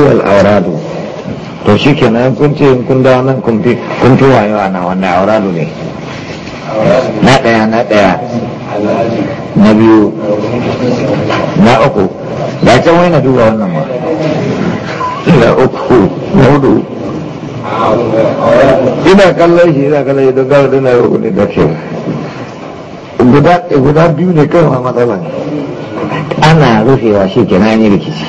wal auradu to shi ke nan kun ce kun dawo nan kun fi wayewa na wannan auradu ne na ɗaya na ɗaya na biyu na uku ba can wai na duba wannan ma na uku na hudu ina kallon shi ina kallon shi don gawa dana yau ne da cewa guda biyu ne kawai ma matsalan ana rufewa shi ke na yi rikici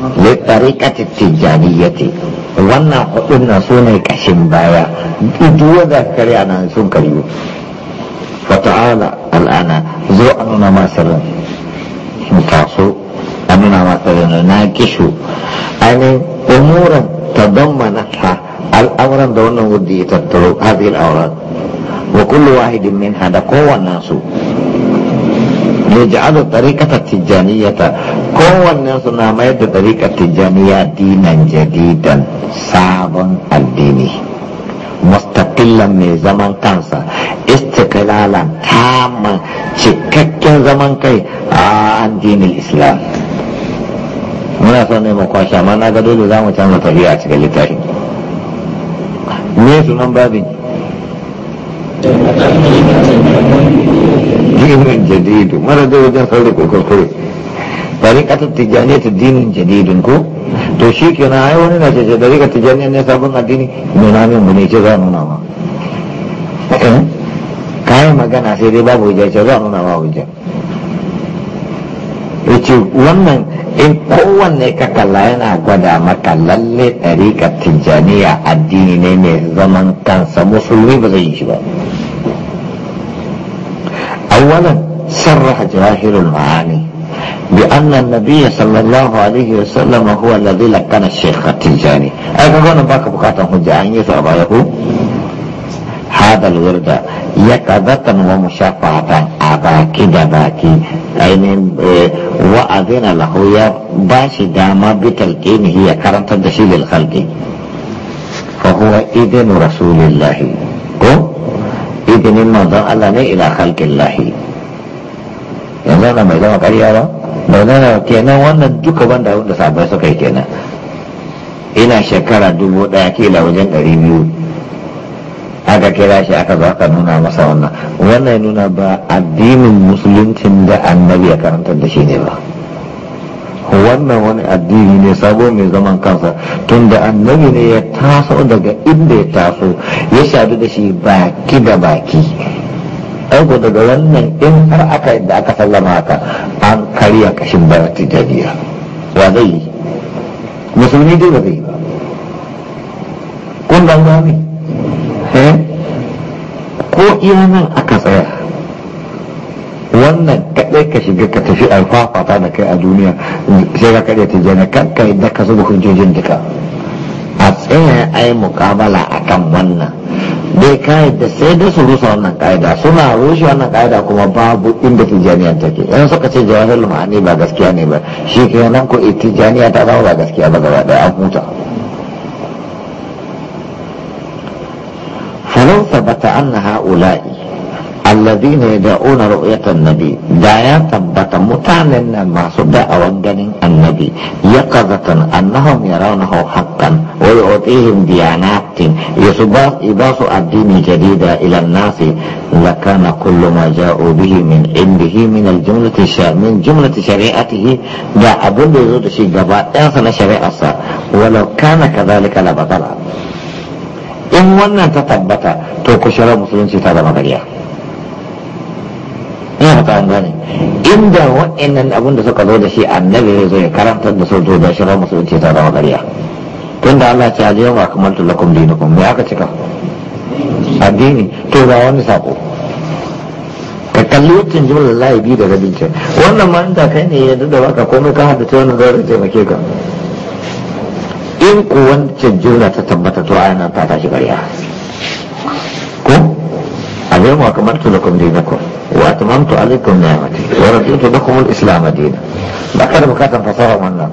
littarikati tijjaniyyati wannan hudun na su ne kashin baya duk wanda karya nan sun karyu ta'ala al'ana zo a nuna masarin taso a nuna masarin na kishu Ani umuran ta don manata al'auran da wannan wanda ya tattaro hafi al'auran wa kullu wahidin min hada kowanne su yaj'alu tariqata ta, kowanne na mayar da tariqar tijaniya dinan jadidan sabon addini mustaqillan mai zaman kansa istiqlalan tamman cikakken zaman kai a addinin islam muna son ne makwasha amma na ga dole za mu canza tafiya a cikin littafin me sunan babin دين جديد مرة دو جن صدق وكفر طريقة التجانية دين جديد كو to shi ke na ai wani na ce da rika tijani ne sabon addini ne ce za nuna ma kayan magana sai dai babu hujja za nuna yace wannan in kowanne ka kalla yana gwada maka lalle ɗariƙar tijjaniya addini ne mai zaman kansa musulmi ba zai yi shi ba awwalan sarraha jawahirul ma'ani bi anna nabiyya sallallahu alaihi wa sallam huwa alladhi lakana shaykh tijani ai ga wannan baka bukatan hujja an yi sa ba ya ko hadal yakadatan wa mushafatan baki da baki ainihin eh, wa'azina lahu ya ba shi dama bitar ƙinihi ya karantar da shi lil khalqi fa huwa ko idinin manzon Allah ne ila khalqillahi yanzu na mai zama ƙarya ba ba zana kenan wannan duka banda wanda sabai suka yi kenan ina shekara dubu daya kila wajen ɗari biyu aka kira shi aka zo aka nuna masa wannan wannan nuna ba addinin musuluncin da annabi ya karantar da shi ne ba wannan wani addini ne sabo mai zaman kansa tunda annabi ne ya taso daga inda ya taso ya shaɗu da shi baki da baki ɗauko daga wannan in har aka da aka sallama haka an karya kashin bayan tijjaniya wa zai yi musulmi dai ba zai yi ba kun Eh? ko iya nan aka tsaya wannan kaɗai ka shiga ka tafi alfafata da kai a duniya sai ka kaɗai jana kan kai da ka zuba hujjojin duka a tsaya a yi mukabala a kan wannan dai sai da su rusa wannan ka'ida suna rushe wannan ka'ida kuma babu inda tijjaniya take yan suka ce jawahir ma'ani ba gaskiya ne ba shi kenan ko tijjaniya ta zama ba gaskiya ba gaba ɗaya an huta ثبت أن هؤلاء الذين يدعون رؤية النبي دعيا ثبت متعن ما صدق وجن النبي يقظة أنهم يرونه حقا ويعطيهم ديانات إباس الدين جديدا إلى الناس لكان كل ما جاءوا به من عنده من الجملة من جملة شريعته دا أبو يزود شيء جباء شريعة ولو كان كذلك لبطل in wannan ta tabbata to ku shara musulunci ta zama gariya ina ta an gane inda wa'annan abin da suka zo da shi annabi zai zo ya karantar da su to da shara musulunci ta zama gariya tunda Allah ce aliyu ma kamar lakum dinukum me aka cika addini to ba wani sako ka kalli wucin jimlar layi biyu da rabin ce wannan ma inda kai ne yanzu da baka komai ka haddace wannan zai taimake ka in ku wancan jumla ta tabbata to ayan ta tashi ƙarya ko abin wa kamar tu lakum dinakum wa atmamtu alaikum ni'mati wa raditu lakum al-islam dinan ba ka da bukatan fasara wannan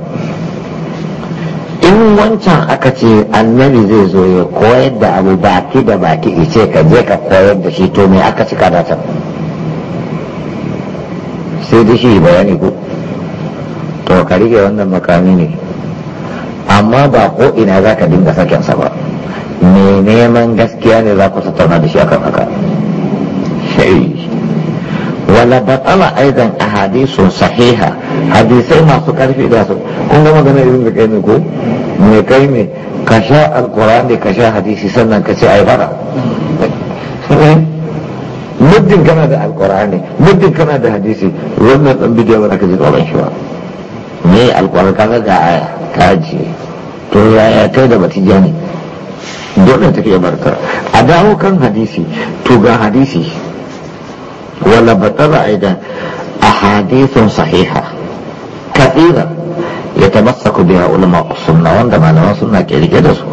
in wancan aka ce annabi zai zo ya koyar da abu baki da baki ice ka je ka koyar da shi to me aka cika da can sai da shi bayani ku. to ka rike wannan makami ne amma ba ko ina za ka dinga sakin sa ba me neman gaskiya ne za ku tattauna da shi akan haka wala batala aidan ahadisu sahiha hadisai masu karfi da su kun ga magana irin da kai ne ko me kai ne ka sha alqur'ani ka sha hadisi sannan ka ce ai muddin kana da alqurani muddin kana da hadisi wannan dan bidiyo ba ka ji ba shi ba me alqur'ani kaga ga aya ka ji to ya ya kai da batijani. dole ta kai barka a dawo kan hadisi to ga hadisi wala batara aidan ahadithun sahiha kathira yatamassaku biha ulama suna wanda malaman suna ke da su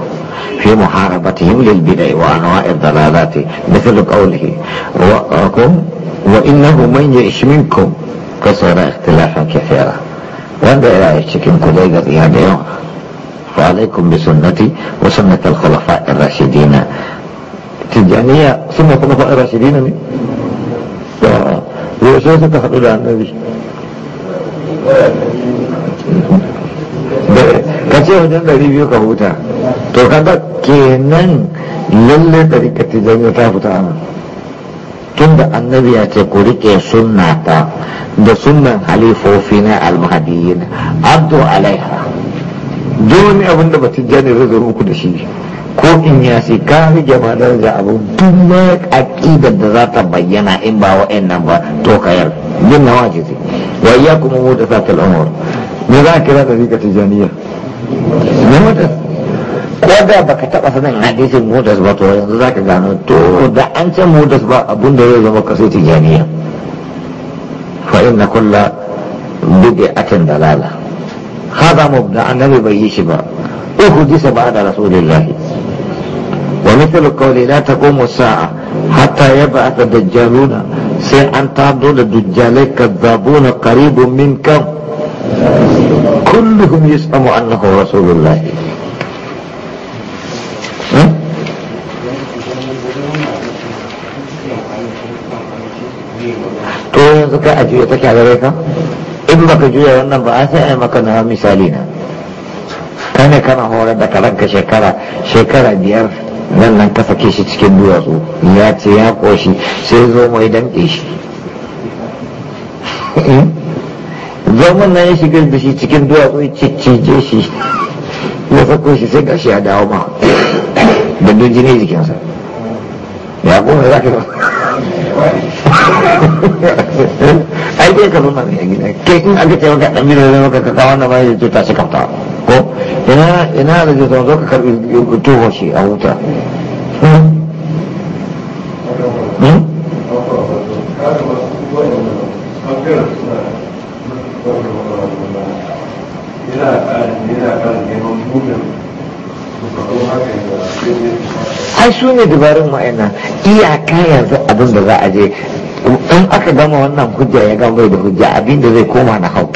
fi yi lil bidai wa anwa'id dalalati mithlu qawlihi wa akum wa innahu man yash minkum kasara ikhtilafa kathira wanda ya yi cikin ku dai gaskiya da yawa وعليكم بسنتي وسنة الخلفاء الراشدين تجانية سنة الخلفاء الراشدين ويسوس تحضر عن نبي كثير من الناس يريدون كهوتا تقول هذا كينن للي طريقة تجانية تحضر عنه كند النبي يتقول كي سنة دا سنة حليفو فينا المهديين عبدو عليها dole abin da batun jani zai zo uku da shi ko in ya sai ka da ma daraja abu duk ma aqidar da za ta bayyana in ba nan ba to kayar yin nawa ce wa kuma iyyakum muhdathatul umur me za a kira da rika tijaniya ne mata ko da ka taɓa sanin hadisin mudas ba to yanzu za ka gano to da an ce mudas ba abun da zai zama kaso tijaniya fa inna kullu bid'atin dalala هذا مبدا النبي بيش با احدث بعد رسول الله ومثل قولي لا تقوم الساعة حتى يبعث الدجالون سي أن تعدوا الدجالين كذابون قريب منكم كلهم يزعم أنه رسول الله to yanzu kai a juya take a gare ka in baka juya wannan ba sai ai maka na misali na kane kana horar da karanka shekara shekara biyar nan nan ka sake shi cikin duwatsu ya ce ya koshi sai zo mai danƙe shi mun nan ya shiga da shi cikin duwatsu ya ciccije shi ya sako shi sai gashi ya dawo ma da jini jikinsa ya kuma za ka ai dai ka zauna mai gida ke in aka ce maka dan miliyan maka ka kawo na bayan ta shi ko ina ina da jita zo ka karbi tuho shi a huta ai su ne dabarun ma'ana iyaka yanzu abin da za a je in aka gama wannan hujja ya gama da hujja abin da zai koma na hau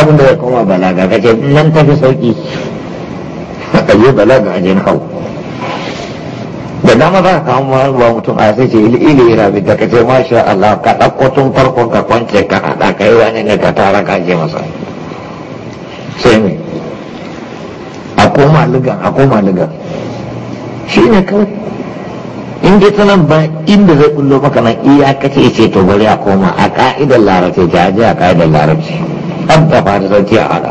abin da zai koma balaga kace nan tafi sauki a je balaga a je na hau da dama za ka kawo wa mutum a sai ce ili rabi da ka ce masha Allah ka ɗauko tun farkon ka kwance ka haɗa ka yi wani ne ka tara ka je masa sai ne a koma ligan a koma ligan shi ne kawai in dai ta nan ba inda zai kullo maka nan iyakace ce to bari a koma a ka'idar larabci ta je a ka'idar larabci an ta fara sauki a haka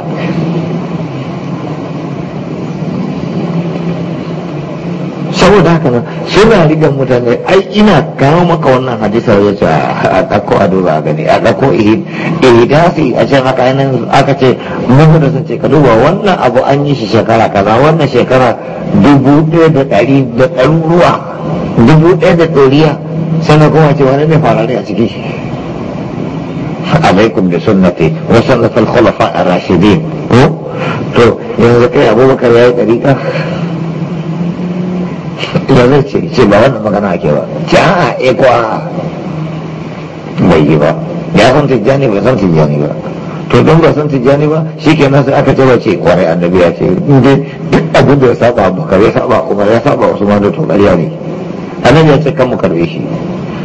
saboda haka nan suna rigar mutane ai ina kawo maka wannan hadisa ya ce a ɗako a duba a gani a ɗauko ihidasi a can haka yanayin aka ce muhu da sun ce ka duba wannan abu an yi shi shekara kaza wannan shekara dubu ɗaya da ɗari da ɗaruruwa dubu ɗaya da ɗoriya sannan kuma ce wani ne farare a ciki alaikum da sunnati wa al khulafa ar-rashidin to yanzu kai abubakar yayi yi ya ne ce ce ba wannan magana ake ba ce a'a eh ko a'a bai yi ba ya san tijjani ba san tijjani ba to don ba san tijjani ba shi ke nasu aka ce wace kwarai annabi ya ce inda duk abin da ya saba abubakar ya saba umar ya saba usman da to ne annabi ya ce kan mu karbe shi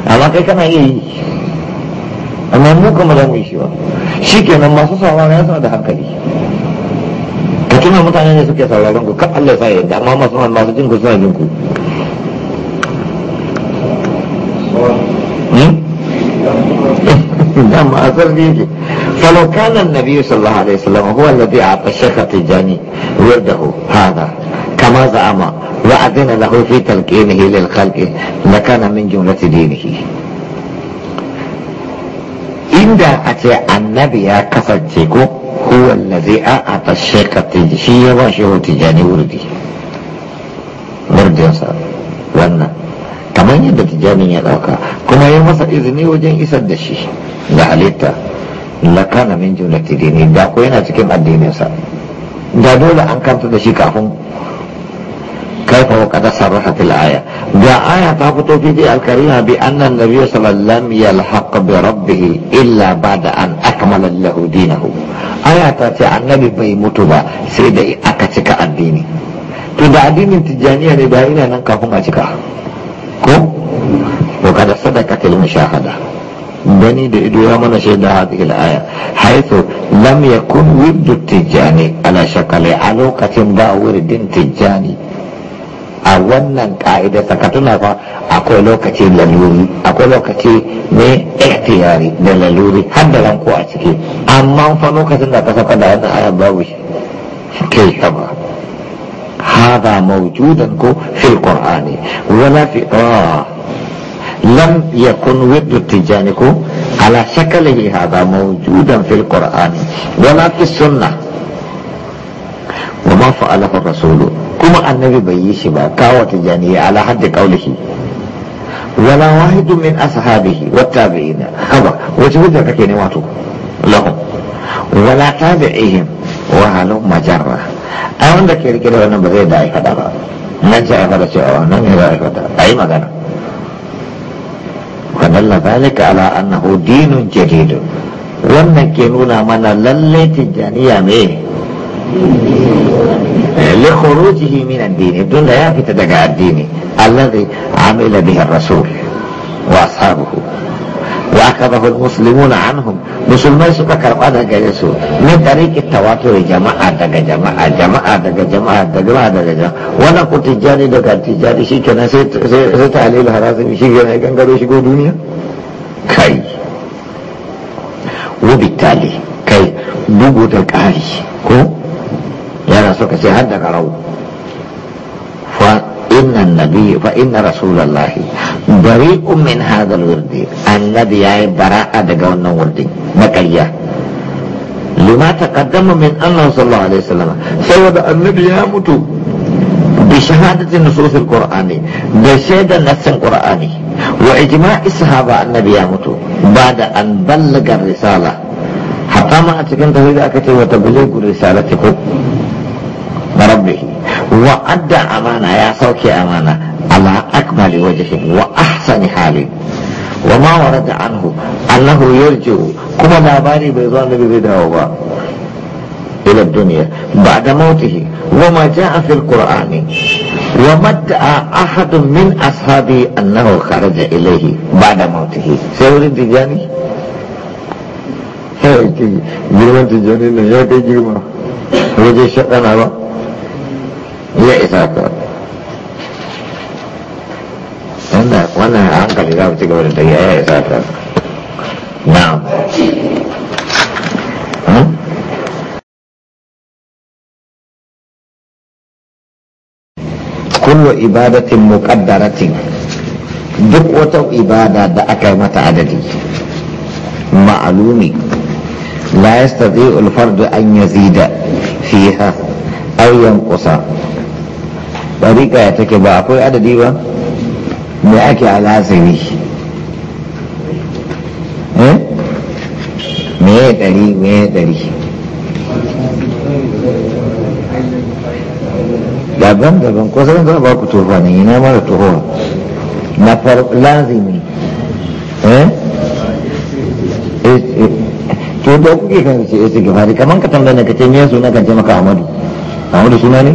amma kai kana iya yi amma mu kuma za mu yi shi ba shi kenan masu saurara ya da hankali ka tuna mutane ne suke sauraron ku kan Allah sa yadda amma masu masu jin ku suna jin ku dama asar ne ke فلو كان النبي صلى الله عليه وسلم هو الذي أعطى الشيخ التجاني ورده هذا كما زعم وأذن له في تلقينه للخلق لكان من جملة دينه inda a ce annabi ya kasance ko huwa allazi a'ata shaykha shi ya ba shi tijani wurdi wurdinsa wannan kamar yadda tijanin ya dauka kuma ya masa izini wajen isar da shi da halitta la kana min jumlati da ko yana cikin addininsa da dole an kanta da shi kafin كيف وقد صرحت الآية جاء آية تهبط في الكريمة بأن النبي صلى الله عليه وسلم لم يلحق بربه إلا بعد أن أكمل له دينه آية تأتي النبي بيموتها سيدة أكتك الدين تدع دين تجانية نبائنا ننكهم أتك كم وقد صدقت المشاهدة بني دئدوا من شهد هذه الآية حيث لم يكن ود التجاني على شكل علوقة باور الدين تجاني a wannan ka'ida ka tuna fa akwai lokaci laluri akwai lokaci ne ikhtiyari da laluri har da ranko a ciki amma fa lokacin da ka saka da wannan ayan babu ka ba hada mawjudan ko fil qur'ani wala fi ah lam yakun widdu tijani ala shakalihi hada mawjudan fil qur'ani wala fi sunnah wa ma fa'alahu rasulu kuma annabi bai yi shi ba kawo tijaniya ala haddi qaulihi wala wahidun min ashabihi wattabi'ina haba wace hujja kake ne wato lahum wala tabi'ihim wa halu majarra a wanda ke rike da wannan ba zai da aikata ba nan ce aikata cewa nan ne za a aikata a yi magana fadalla zalika ala annahu dinun jadid wannan ke nuna mana lallai tijaniya me لخروجه من الدين الدين لا تدقى الدين الذي عمل به الرسول وأصحابه وأخذه المسلمون عنهم مسلمين سكا كربانا جلسوا من طريق التواتر جماعة دقى جماعة جماعة دقى جماعة دقى جماعة دقى جماعة وانا قلت جاني دقى تجاري شيء كنا ستعليل هرازم شيء كنا يقن يقنقلوا شيء دنيا كي وبالتالي كي بوجود الكاري كو yana so suka ce hadda garau fa inna nabi fa inna rasulullahi bari'un min hadha alwirdi annabi yayi bara'a daga wannan wurdin na ƙarya lima taqaddama min annahu sallallahu alaihi wasallam saboda annabi ya mutu bi shahadati nusus alqur'ani da shaidan nassin qur'ani wa ijma'i sahaba annabi ya mutu ba'da an ballaga risala hatta ma a cikin tafsir aka ce wa tabligu risalati ko ربه وأدى أمانة يا صوكي أمانة على أكمل وجه وأحسن حال وما ورد عنه أنه يرجو كما لا باري بيضان ببداوة إلى الدنيا بعد موته وما جاء في القرآن وما ادعى أحد من أصحابه أنه خرج إليه بعد موته سيورد تجاني هاي تجاني لا يا جيما وجه شقنا الله ya isa ka wanda wannan hankali za mu ci gaba da tafiya ya isa ka na'am hmm? kullu ibadatin muqaddaratin duk wata ibada da aka yi mata adadi ma'alumi la yastati al-fardu an yazida fiha aw kusa. ɗariƙa ya take ba akwai adadi ba me ake alasiri eh? me ya ɗari me ya ɗari daban-daban ko sai za ba ku tofa ne ina mara tofa na farko lazimi eh? Eh, eh to da kuke kan ce istighfari kaman ka tambaye ka ce me suna kan ce maka Ahmadu Ahmadu suna ne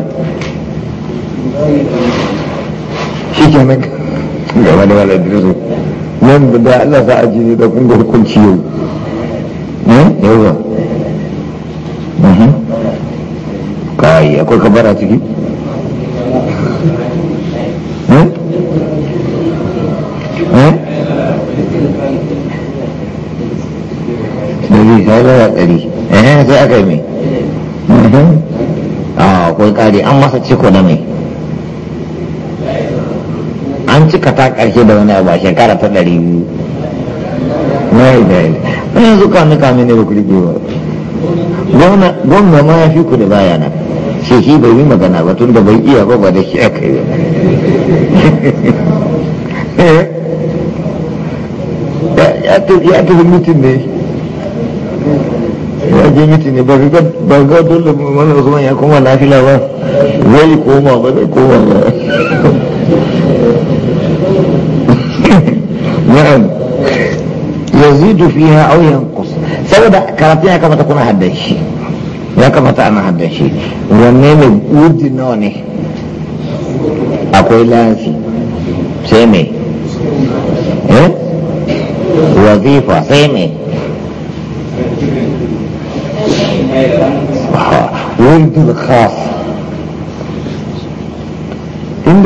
shi ke nan game da wala idrisu nan da Allah sa aji ne da kun hukunci yau ne eh? mhm. kai akwai kabara ciki eh? Eh? an cika ta ƙarshe da wani abu a shekara ta ɗari biyu mai da mai yanzu kwanu kame ne ba ku biyu ba gwamna ma ya fi ku da baya nan shi shi bai yi magana ba tun da bai iya ba ba da shi aka yi eh? ya tafi mutum ne ya je mutum ne ba ga dole mana zuwa ya koma lafiya ba zai koma ba zai koma ba نعم يزيد فيها او ينقص سبب كرتيها كما تكون هداشي لا كما تعنى هداشي ونين ود نوني اقول لازي سيمي ايه وظيفة سيمي ولد الخاص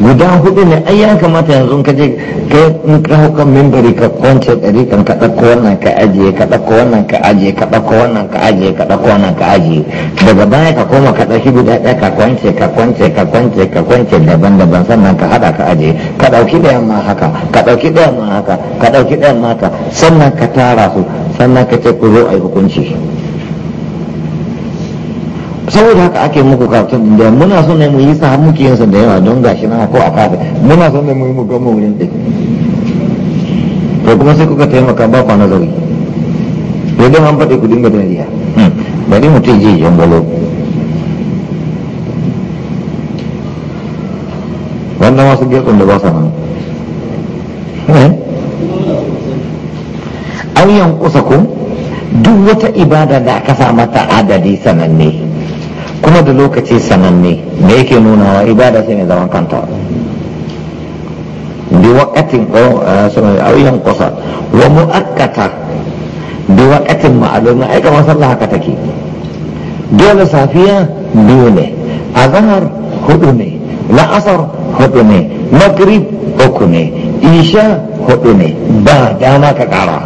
guda hudu ne ai ya kamata yanzu ka je ka hau kan membari ka kwance ɗari kan ka dauko wannan ka ajiye ka dauko wannan ka ajiye ka dauko wannan ka ajiye ka dauko wannan ka ajiye daga baya ka koma ka dauki guda ɗaya ka kwance ka kwance ka kwance ka kwance daban daban sannan ka haɗa ka ajiye ka dauki ɗayan ma haka ka dauki ɗayan ma haka ka dauki ɗayan ma haka sannan ka tara su sannan ka ce ku zo a yi hukunci. saboda haka ake muku karatun da muna son ne mu yi sa muke yin sa da yawa don gashi na ko a fata muna son ne mu yi mu gama wurin da to kuma sai kuka taimaka ba kwa nazari to don an faɗi ku dinga dariya hmm. bari mutum je yan balo wannan masu gefen da ba sa nan eh? an kusa ku duk wata ibada da aka samata adadi sananne kuma da lokaci sananne da yake wa ibada sai ne zaman kanta bi waƙatin auyan eh, kusa wa mu'akkata bi waƙatin ma'aluma ai kamar sallah haka take dole safiya biyu ne azhar hudu ne la'asar hudu ne magrib uku ne isha hudu ne ba dama ka kara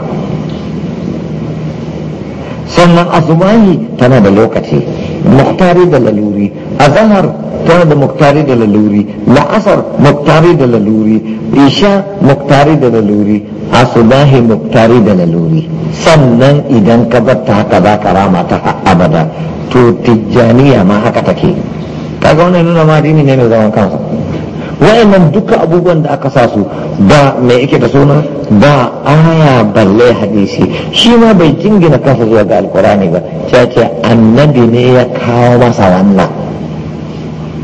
sannan asubahi tana da lokaci muktari da laluri a zahar tana da muktari da laluri la'asar muktari da laluri isha muktari da laluri asubahi muktari da laluri sannan idan ka batta haka za ka rama ta abada to tijjaniya ma haka take kaga wannan nuna ma dini ne mai zaman kansa wa'annan duka abubuwan da aka sa su ba mai yake da suna ba aya balle hadisi shi ma bai jingina kansa zuwa ga alkurani ba ya ce annabi ne ya kawo masa wannan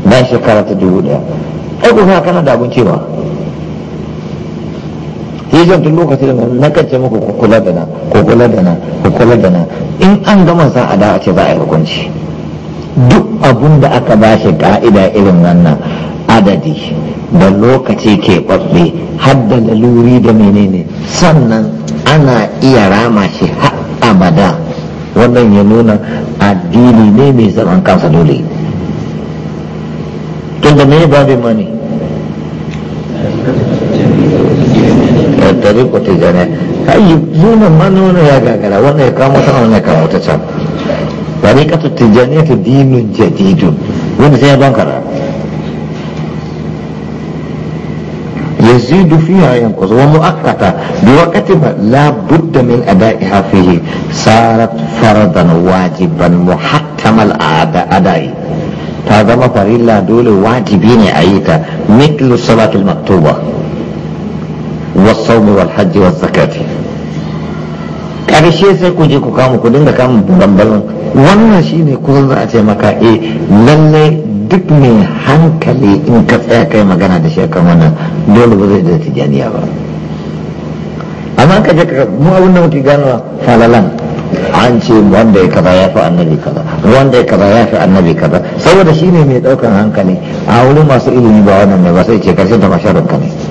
bayan shekara ta dubu daya ai kuma kana da abinci ba sai zan tun lokacin da na kance muku ku kula da na ku kula da na ku da na in an gama sa a da a ce za a yi hukunci duk abun da aka ba shi ka'ida irin wannan adadi da lokaci ke ɓaɓɓe hadda da laluri da menene sannan ana iya rama shi har abada wannan ya nuna addini ne mai zaman kansa dole tunda me babu mani dari ko tijana kai zuwa manona ya gagara wannan ya kama ta wannan ya kama ta can tariqatu ta dinin jadidun wanda sai ya bankara يزيد فيها ينقص ومؤقتة بوقت ما لا بد من أدائها فيه صارت فرضا واجبا محتم الأداء تازم فريلا دول واجبين أيتا مثل الصلاة المكتوبة والصوم والحج والزكاة kada shi sai ku je ku kama ku dinga kama balambalan wannan shine ko za a ce maka eh lallai duk mai hankali in ka tsaya kai magana da shi wannan dole ba zai da tijaniya ba amma ka je ka mu abin da muke gano falalan an ce wanda ya kaza ya fi annabi kaza wanda ya kaza ya fi annabi kaza saboda shi ne mai daukan hankali a wurin masu ilimi ba wannan ne ba sai ce karshen da masharar ka ne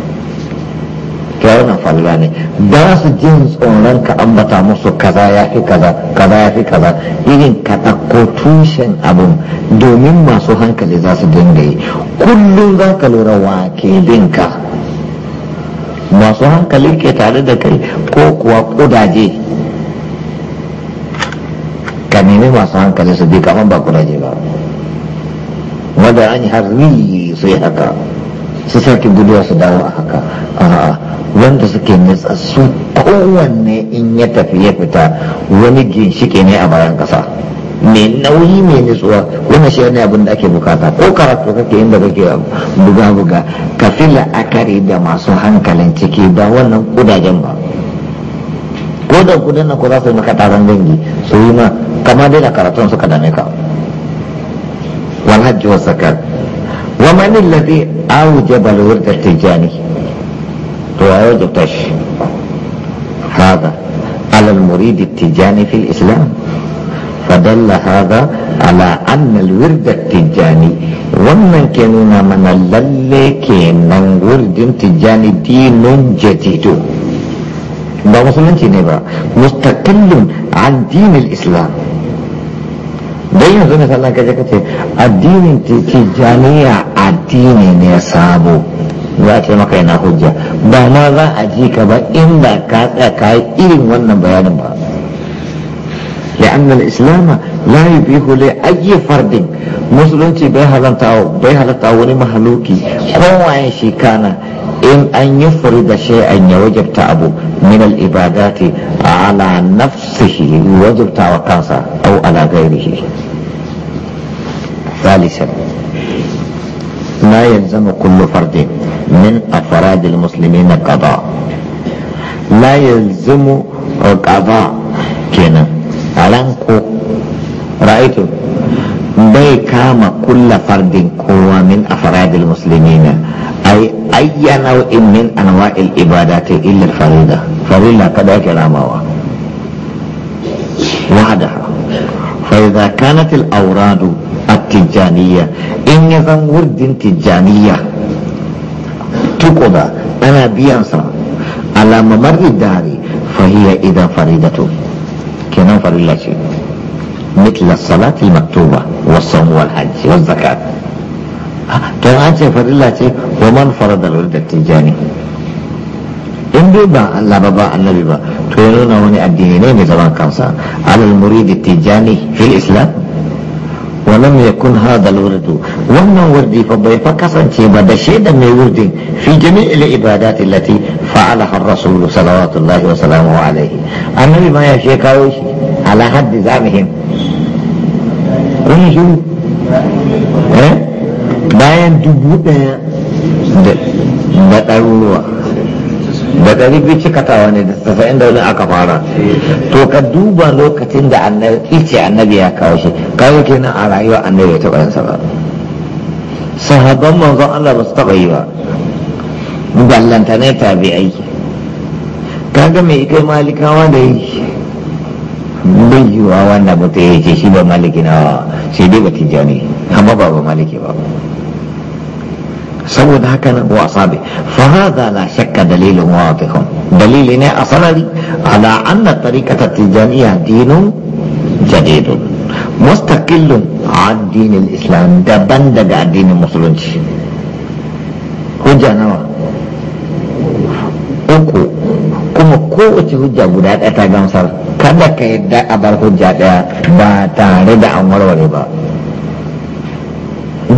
to wani falga ne ba su jin tsoron ka ambata musu kaza ya fi kaza kaza ya fi kaza irin ka ɗauko tushen abin domin masu hankali za su dinga yi kullum za ka lura wa ke binka masu hankali ke tare da kai ko kuwa kudaje ka nemi masu hankali su bi kamar ba kudaje ba wanda an yi su yi haka sai sarki guduwa su dawo a haka a'a wanda suke su kowanne in ya tafi ya fita wani ginshike ne a bayan kasa mai nauyi mai nutsuwa wannan shi ne abin da ake bukata ko karatu kake inda kake buga-buga ka fi la'akari da masu hankalin ciki ba wannan kudajen ba ko da kudin nan ko za su yi maka taron dangi su yi ma kama dai da karatun suka dame ka wani hajji wasu wa man alladhi awjaba al-wird at-tijani to ya wajabta shi hada ala al-murid at-tijani fi al-islam فدل هذا على أن الورد التجاني ومن كنا من اللي كنا ورد تجاني دين جديد ده مسلمين نبا مستقل عن دين الإسلام don yanzu misalan kaje ka ce addinin jami'a addini ne sabo za a ce maka yana hujja ba ma za a ji ka ba in da ka tsaya ka yi irin wannan bayanin ba لأن الإسلام لا يبيه لأي fardin musulunci bai halatta wani mahaluki kowaye shi kana in an yi furi da an ya wajabta abu min al-ibadati ala nafsihi wajabta wa kansa au ala gairihi ثالثا ما يلزم كل فرد من أفراد المسلمين قضاء لا يلزم قضاء كنا ألانكو رأيتو بي كام كل فرد قوة من أفراد المسلمين أي أي نوع من أنواع العبادات إلا الفريضة فريضة قد أكرامها وعدها فإذا كانت الأوراد إن in ورد zan wurdin أنا tukuda ana على ممر الداري فهي إذا فريدته كنا فريد الله شيء مثل الصلاة المكتوبة والصوم والحج والزكاة كان فريد الله شيء ومن فرض الورد التجاني إن بيبا الله بابا النبي با تولونا هنا الدينين زمان كنسا على المريد التجاني في الإسلام falam yakun hadal wardu wannan wardi fa bai fa kasance ba da shaida mai wardi fi jami'il ibadat allati fa'alaha ya she kawo shi ala haddi zamihim rinju eh bayan dubu daya da daruwa da bai biyu cikatawa ne da tasa'in da wani aka fara to ka duba lokacin da ice annabi ya kawo shi kawo nan a rayuwa annabi ya taɓa yansa ba sahabban manzon Allah ba su taɓa yi ba ballanta ne tabi'ai kaga mai kai malikawa da yi bai yi wa wannan mutum ya ce shi ba malikinawa sai dai ba tijjani amma ba ba maliki ba saboda haka nan wasa bai fahaza la shakka dalilin wadihun dalili ne a sanari ala anna tariqata tijaniya dinun jadidun mustaqillun an dinin islam daban daga addinin musulunci hujja nawa uku kuma kowace hujja guda ɗaya ta gamsar kada ka yadda a bar hujja ɗaya ba tare da an warware ba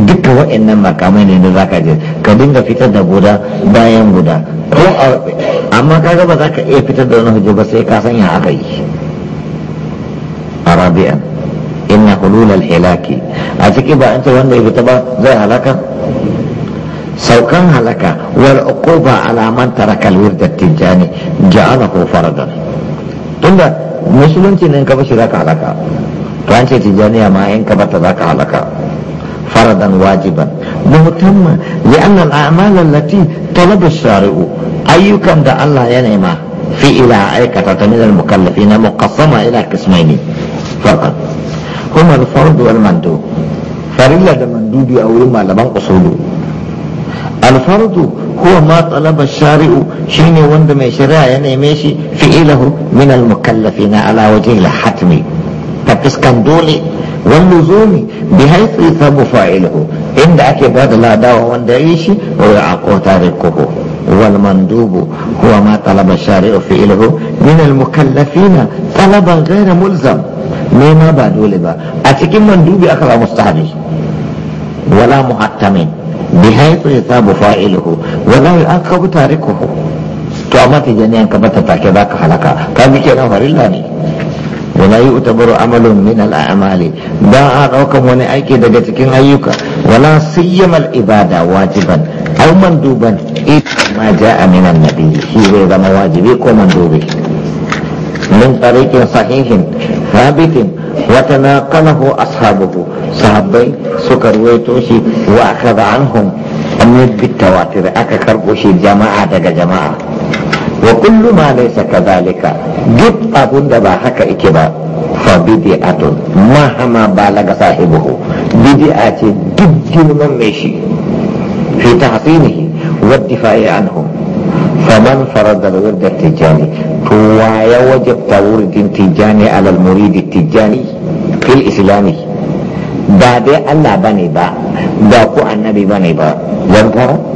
duka wa'annan makamai ne da zaka je ka dinga fitar da guda bayan guda ko amma kaga ba za ka iya fitar da wani hujja ba sai ka sanya aka yi arabiyan inna hulul al-hilaki a ciki ba an ce wanda ya fita ba zai halaka saukan halaka wal uquba ala man taraka al wirda at-tijani ja'alahu faradan tunda musulunci ne ka bashi zaka halaka to an ce tijaniya ma in ka bata zaka halaka فرضا واجبا مهتما لأن الأعمال التي طلب الشارع أيكم دع الله ينعم في إلى عيكة من المكلفين مقسمة إلى قسمين فقط هما الفرض والمندوب فرلا مندوب أو إما لمن أصوله الفرض هو ما طلب الشارع شيني وند ما شرع يعني ماشي فعله من المكلفين على وجه الحتم فبس كان دولي واللزوم بحيث يثاب فاعله عند أكباد لا دواء وندعيش ويعقو تاركه والمندوب هو ما طلب الشارع فعله من المكلفين طلبا غير ملزم مما بعد ولبا أتكي مندوب أكبر مستحبي ولا محتم بحيث يثاب فاعله ولا يعقب تاركه to amma ta jani yanka bata take za ka halaka ka bi kenan farilla ne wala yu'tabaru amalun min al'amali? amali ba a wani aiki daga cikin ayyuka wala siyyamal ibada wajiban aw manduban ma ja'a min an-nabi shi zai zama wajibi ko mandubi min tariqin sahihin thabitin wa tanaqalahu ashabuhu sahabbai suka ruwaito shi wa akhadha anhum amma bitawatir aka karbo shi jama'a daga jama'a wa kullu ma laysa kadhalika duk abun da ba haka yake ba fa bid'atun mahama balaga sahibuhu bid'a ce duk girman mai shi fi tahsinihi wa difa'i anhu faman farada al-wird tijani to wa ya wajabta wuridin tijani ala al-murid tijani fil islami ba dai Allah bane ba ba ku annabi bane ba zan fara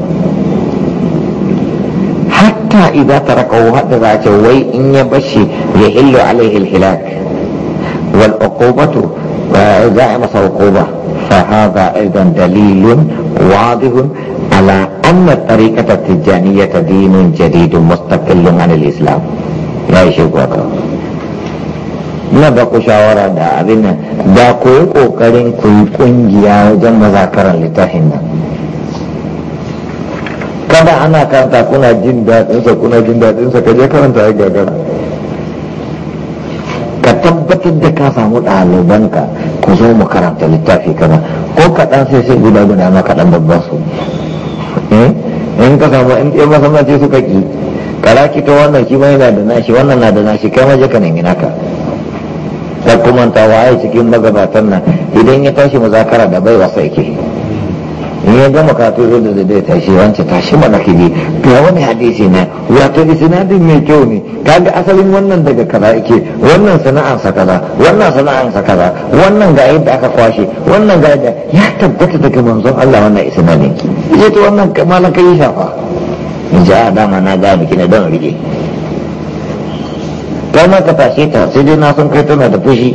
حتى إذا هذا هكذا جوي إن يبشي يحل عليه الهلاك والعقوبة زائمة العقوبة فهذا أيضا دليل واضح على أن الطريقة التجانية دين جديد مستقل عن الإسلام لا يشوف na baku shawara da abin da ko kokarin ku yi kungiya wajen mazakaran littafin kada ana karanta kuna jin daɗinsa kuna jin daɗinsa ka je karanta ya gagara ka tabbatar da ka samu ɗalibanka ku zo mu karanta littafi kama ko kaɗan sai sai guda guda ma kaɗan babban su eh? in ka samu in ɗaya masallaci suka ki kara kita wannan shi mai na da nashi wannan na da nashi kai maje ka nemi naka ta kuma ta waye cikin magabatan nan idan ya tashi muzakara da bai wasa yake in ya gama kafin zo da zai tashi wancan tashi mana kiri ga wani hadisi ne, ta wato sinadin mai kyau ne kaga asalin wannan daga kaza yake wannan sana'an sa kaza wannan sana'an sa kaza wannan ga yadda aka kwashe wannan ga yadda ya tabbata daga manzon Allah wannan isnadin sai to wannan malaka kai shafa in ji a ah, dama na ga miki ne don rige kai ka tashe ta sai dai na san kai tana da fushi